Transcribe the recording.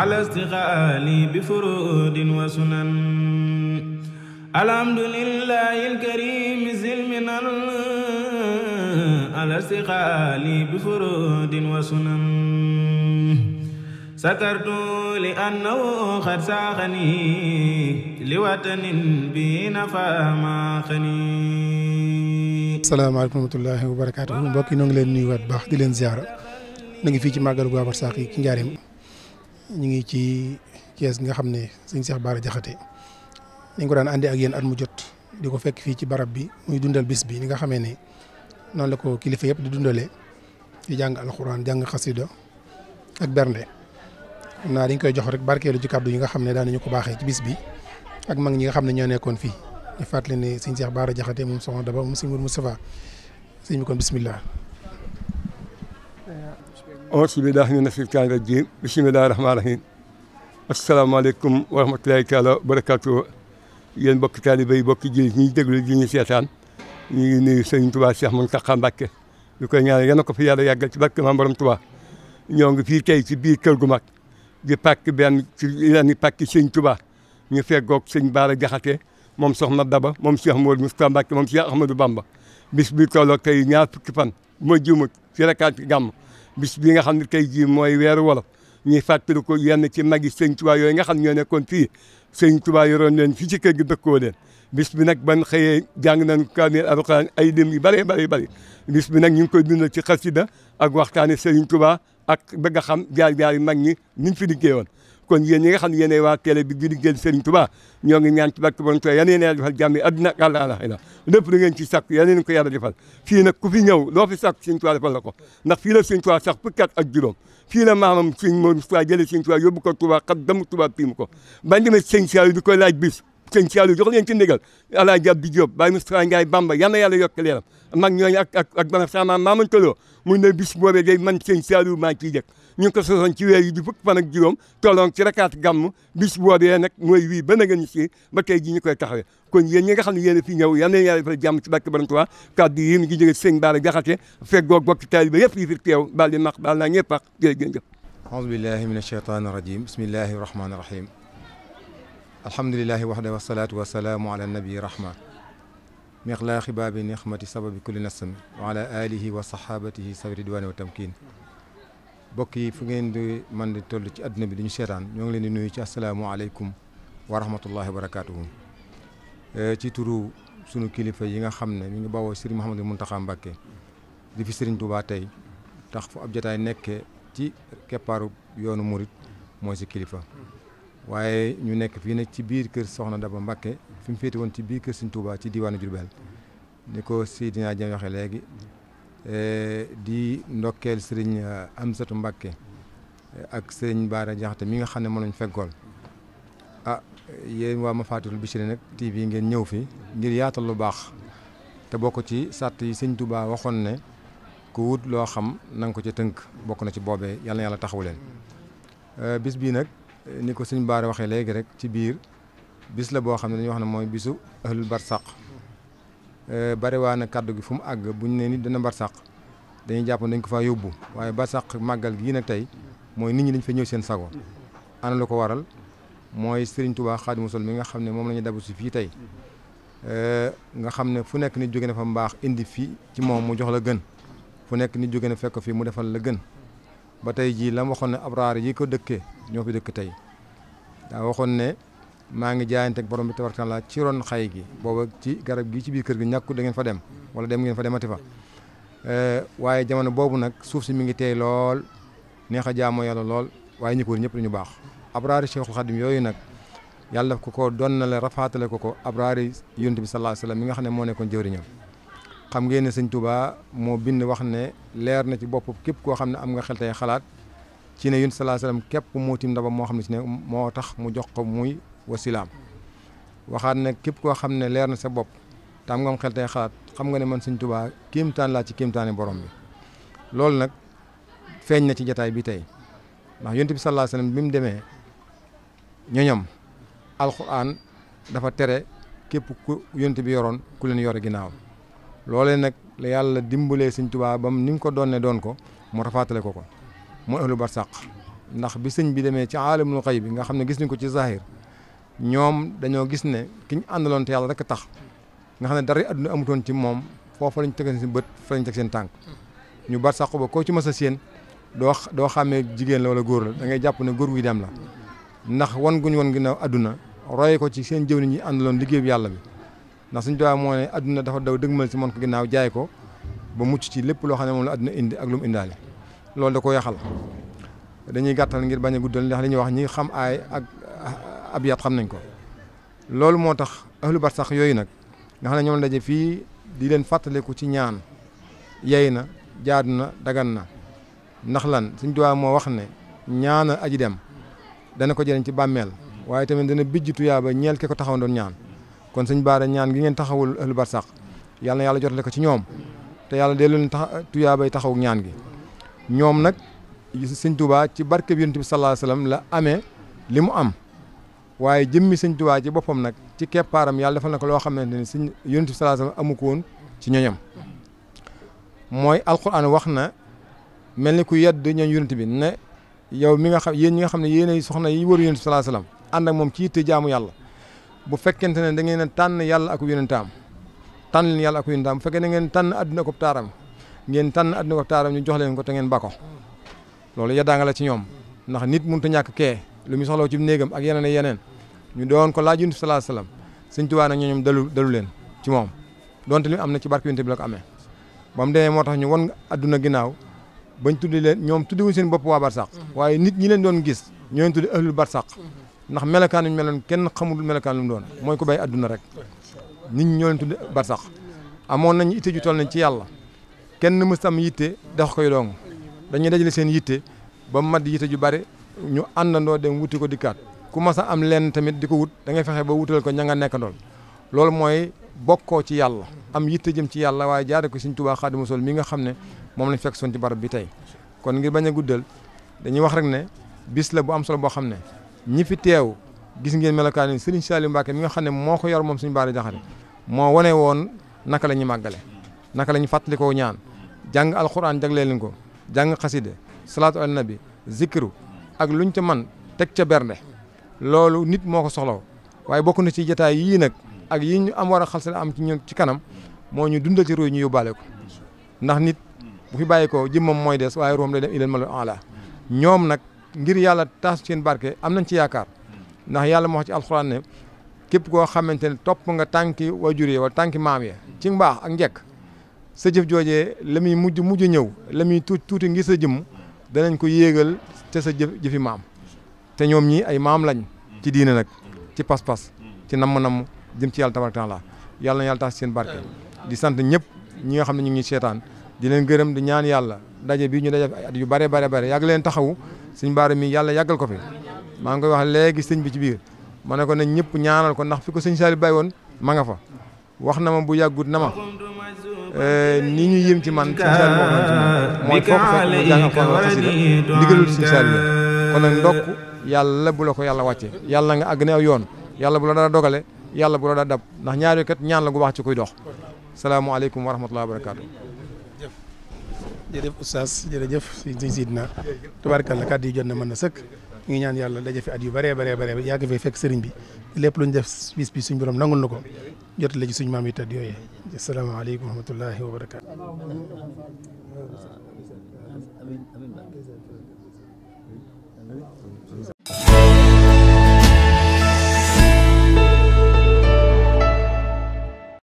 على استغالي بفروض وسنن الحمد لله الكريم ذي المنن على استغالي بفروض وسنن سكرت لأنه قد ساقني لوطن به نفى ما خني salaamaaleykum wa rahmatullaahi wa barakaatuh mbokk yi ñoo ngi leen nuyuwaat baax di leen ziara na ngi fii ci màggalu Babar Sàq yi ci njaareem ñu ngi ci Thiès nga xam ne sëñ Cheikh Bara Diakhaté dañ ko daan àndi ak yéen at mu jot di ko fekk fii ci barab bi muy dundal bis bi ni nga xamee ne noonu la ko kilifa yëpp di dundale di jàng alxuraan jàng xasida ak bernde xam naa dañ koy jox rek barkeelu ci kàddu yi nga xam ne daan nañu ko baaxee ci bis bi ak mag ñi nga xam ne ñoo nekkoon fii ñu fàttali ne sëñ Cheikh Bara Diakhaté moom soxna Daba moom sëñ Moustapha sëñ bi kon bismillah euh, auzu billaahi mina sheytaani rajiim bismillaahi rahmaani rahiim asalaamaaleykum wa rahmatulaahi taala wa barakaatu yéen bokki taalibe yi bokki jullit ñi déglu ji ñu seetaan ñu ngi nuyu sëriñ Tuubaa Cheikh Mountakha Mbacké lu koy ñaanal ko fi yàlla yàggal ci barke Maam Borom Tuubaa ñoo ngi fii tey ci biir kër gu mag di pàkk benn ci yenn pàkk sëriñ Tuubaa ñu feggoog sëriñ Baara Jaxate moom soxna Daba moom Cheikh Mouhamadou Moustapha Mbacké moom Cheikh Ahmadou Bamba bis bi tolloog tey ñaar fukki fan bu ma juumut ci rakaat bis bi nga xam ne tey jii mooy weeru wolof ñuy fàttali ko yenn ci magi sëñ Tuubaa yooyu nga xam ñoo nekkoon fii sëñ Tuubaa yoroon leen fii ci kër gi dëkkoo leen bis bi nag ban xëyee jàng nañ kaamil alxuraan ay lim yu bëree bëri bëri bis bi nag ñu ngi koy dundal ci xasida ak waxtaane sëñ Tuubaa ak bëgg a xam jaar-jaar yi mag ñi niñ fi liggéeyoon kon yéen ñi nga xam ne yéenay waa télé bi di liggéeyal Serigne Touba ñoo ngi ñaan ci barke borom Touba yan yéen a defal jàmm yi àdduna ak àllaaxira lépp lu ci sàkk yan yéen ko yàlla defal fii nag ku fi ñëw loo fi sàkk Serigne Touba defal la ko ndax fii la Serigne Touba sax ak juróom fii la maamam Serigne Modou Touba jëlee Serigne Touba yóbbu ko Touba xam damu Touba piim ko bañ demee Serigne di koy laaj bis sëñ Saliou jox leen ci ndigal Alaaji Abdou Diop Baye Moustapha Bamba yal na yàlla yokk leeram mag ñooñu ne bis boobee day man sëñ Saliou maa ciy jëkk ñu ngi ko sosoon ci weer yi di fukk fan ak juróom tolloon ci rakaat gàmm bis boobee nag mooy wii ba na ngeen si ba tey ji ñu koy taxawee kon yéen ñi nga xam ne yéen a fi ñëw yal na yàlla defal jàmm ci barke Borom Tuubaa kàddu yi mi ngi jóge sëñ Bara Jaxate feggoo bokk taaliba yëpp yi fi teew baal di max baal naa ñëpp ak jërëjëf alhamdulilahi waxda wasalaatu wasalaamu ala nabi rahma mixlaaxi baabi nixmati sababi kulli nasam wa ala alihi wa sahabatihi sabi ridwaani wa tamkin bokk yi fu ngeen di man di toll ci àdduna bi du seetaan ñoo ngi leen di nuyu ci asalaamualeykum wa rahmatullahi wa barakaatuhu e, ci turu sunu kilifa yi nga xam ne ñu ngi bawoo sëriñ Mouhamadou Mountakha Mbacké di fi sëriñ Touba tey tax fu ab jotaay nekkee ci keppaaru yoonu murit mooy si kilifa waaye ñu nekk fii nag ci biir kër Soxna Daba Mbakke fi mu féete woon ci biir kër Sëñ Tuubaa ci diwaanu Jurbel ni ko Seydina Jam waxee léegi eh, di ndokkeel sëriñ eh, Amsatu Mbakke eh, ak sëriñ Baara Jaxate mi nga xam ne mënuñ feggool ah yéen waa Mafatihul Bichri nag TV ngeen ñëw fi ngir yaatal lu baax te bokk ci sart yi Sëñ Tuubaa waxoon ne ku wut loo xam na ko ci tënk bokk na ci boobee yàlla yàlla taxawu leen bis bii nag. ni ko suñ baar waxee léegi rek ci biir bis la boo xam ne dañuy wax ne mooy bisu ahlul barsaq eh, bari waa na kàddu gi fu mu àgg buñ ne nit dana barsaq dañuy jàpp nañ ko faa yóbbu waaye barsaq màggal gii nag tey mooy nit ñi dañ fa ñëw seen sago ana lu ko waral mooy Serigne Touba Xaadimu Rasuul mi nga xam ne moom la ñu dabu si fii tey eh, nga xam ne fu nekk nit jóge na fa mbaax indi fii ci moom mu jox la gën fu nekk nit jóge na fekk fii mu defal la gën ba tey jii la ma waxoon ne abraar yi ko dëkkee ñoo fi dëkk tey daa waxoon ne maa ngi jaayante ak borom bi tabaraka taala ci ron xay gi booba ci garab gi ci biir kër gi ñàkku dangeen fa dem wala dem ngeen fa demati fa eh, waaye jamono boobu nag suuf si mi ngi teey lool neex a jaamoo yàlla lool waaye ñi ko wër ñëpp dañu baax abraari cheikhul xadim yooyu nag yàlla ko ko doon na la rafaatale ko ko abraari yonent bi sallallahu alayhi wasallam mi nga xam ne moo nekkoon jëwriñam xam ngeen ne sañ tubaa moo bind wax ne leer na ci bopp képp koo xam ne am nga xel tey xalaat ci ne yun salaa salaam képp moo tim ndabam moo xam ne ci ne moo tax mu jox ko muy wasilaam waxaat ne képp koo xam ne leer na sa bopp te am nga am xel tey xalaat xam nga ne man sëñ Touba kéemtaan laa ci kéemtaani borom bi loolu nag feeñ na ci jataay bi tey ndax yont bi salaa salaam bi mu demee ñoñam alxuraan dafa tere képp ku yonent bi yoroon ku leen yore ginnaaw loolee nag la yàlla dimbalee sëñ Tuubaa bam ni nga ko doon ne doon ko mu rafaatale ko ko mu ahlu barsàq ndax bi sëñ bi demee ci aalamul xay bi nga xam ne gis nañ ko ci zahir ñoom dañoo gis ne ki ñu àndaloon te yàlla rek tax nga xam ne dara àdduna amutoon ci moom foofa lañ teg seen bët fa lañ teg seen tànk ñu barsàq ba koo ci mës a séen doo doo xàmmee jigéen la wala góor la da ngay jàpp ne góor guy dem la ndax wan guñ wan ginnaaw àdduna roye ko ci seen jëwriñ ñi àndaloon liggéey bi yàlla bi ndax suñ tubaab moo ne adduna dafa daw dëgmal si moon ko ginnaaw jaay ko ba mucc ci lépp loo xam ne moom la adduna indi ak lu mu indaale loolu da ko yaxal dañuy gàttal ngir bañ a guddal ndax li wax ñi xam aay ak ab yaat nañ ko loolu moo tax ahlu barsax yooyu nag nga xam ne ñoom fii di leen fàttaliku ci ñaan yey na jaadu na dagan na ndax lan suñ tubaab moo wax ne ñaana aji dem dana ko jëriñ ci bàmmeel waaye tamit dana bijj tuyaaba ñeel ki ko taxaw doon ñaan kon sëñ Baara ñaan gi ngeen taxawul ahlu barsàq yàlla na yàlla jotale ko ci ñoom te yàlla delloo leen tax tuyaabay taxaw ñaan gi ñoom nag sëñ Touba ci barke bi yonent bi sallallahu alayhi la amee li mu am waaye jëmmi sëñ Touba ci boppam nag ci keppaaram yàlla defal na ko loo xamante ne sëñ yonent bi amu ko woon ci ñoñam mooy alquran wax na mel ni ku yedd ñooñ yonent bi ne yow mi nga xam yéen ñi nga xam ne yéenay soxna yi wër yonent bi sallallahu alayhi ànd ak moom ci yitte jaamu yàlla bu fekkente ne da ngeen a tànn yàlla ak yonentaam tànn leen yàlla ak yonentaam bu fekkee da ngeen tànn adduna ko taaram ngeen tànn adduna ko taaram ñu jox ko te ngeen ba ko loolu yaddaanga la ci ñoom ndax nit mënut a ñàkk kee lu muy soxlaw ci néegam ak yeneen yeneen ñu doon ko laaj yonent salaa salaam sëñ Tuubaa nag ñoom dalu dalu leen ci moom donte li am na ci barke yonent bi la ko amee moo tax ñu won aduna ginnaaw bañ tuddi leen ñoom tuddiwuñ seen bopp waa barsàq mm-hmm. waaye nit ñi doon gis ñoo leen tuddi ahlul ndax melokaan yu meloon kenn xamul melokaanu lu doon mooy ko bay adduna rek nit ñi ñoo leen tudd barsax amoon nañu itte ju toll nañ ci yàlla kenn mëstam yitte dox koy dong dañuy dajale seen yitte ba mat yitte ju bari ñu àndandoo dem wuti ko dikkaat ku mas a am lenn tamit di ko wut da ngay fexe ba wutal ko ña nga nekkandool loolu mooy bokkoo ci yàlla am yitte jëm ci yàlla waaye jaare ko Sëriñ Tuubaa Xaadimu Rasuul mi nga xam ne moom lañ fekk soon ci barab bi tey kon ngir bañ a guddal dañuy wax rek ne bis la bu am solo boo xam ne ñi fi teew gis ngeen melokaan yi Serigne Saliou Mbacke mi nga xam ne moo ko yor moom suñu baara jaxate moo wane woon naka la ñu màggale naka la ñu fàttalikoo ñaan jàng alxuraan jagleel leen ko jàng xaside salaatu ala nabi zikru ak ñu ca man teg ca bernde loolu nit moo ko soxlaw waaye bokk na ci jotaay yii nag ak yii ñu am war a xalsal am ci ñun ci kanam moo ñu dundal ci ruuy ñu yóbbaale ko ndax nit bu fi bàyyi ko jëmmam mooy des waaye room de dem ilal malu ala ñoom nag ngir yàlla taas seen barke am nañ ci yaakaar ndax yàlla moo wax ci alxuraan ne képp koo xamante ne topp nga tànki wajur yi wala tànki maam yi ci mbaax a njekk sa jëf joojee la muy mujj mujj ñëw la muy tuuti tuuti ngir sa jëmm danañ ko yéegal te sa jëf jëfi maam te ñoom ñi ay maam lañ ci diine nag ci pas-pas ci namm-namm jëm ci yàlla tabaraka taala yàlla na yàlla taas seen barke di sant ñëpp ñi nga xam ne ñu ngi seetaan di leen gërëm di ñaan yàlla daje bi ñu daje at yu bare bare bare yàgg leen taxawu sëñ Baara mi yàlla yàggal ko fi maa ngi koy wax léegi sëñ bi ci biir ma ne ko nañ ñëpp ñaanal ko ndax fi ko sëñ saali bay woon ma nga fa wax na ma bu yàggut na ma eh, ni ñu yëm ci man sëñ Saliou moo doon mooy foofu na mu jàngal ko xasida ndigalul sëñ Saliou kon nag ndokk yàlla bu la ko yàlla wàcce yàlla nga àgg ne aw yoon yàlla bu la daa dogale yàlla bu la daa dab ndax ñaari kat ñaan gu wax ci koy dox salaamualeykum wa rahmatulah wa barakaatu. jërëjëf oustaz jërëjëf sëñ Sidina tubaarkàlla kàddu yi jot na mën na sëkk ñu ngi ñaan yàlla daje fi at yu bëree bëree bëree yàgg fee fekk sëriñ bi lépp lu ñu def bis bi suñ borom nangul na ko jotale ci suñ maam yi tëdd yooyee asalaamaaleykum wa rahmatullahi wa barakaatu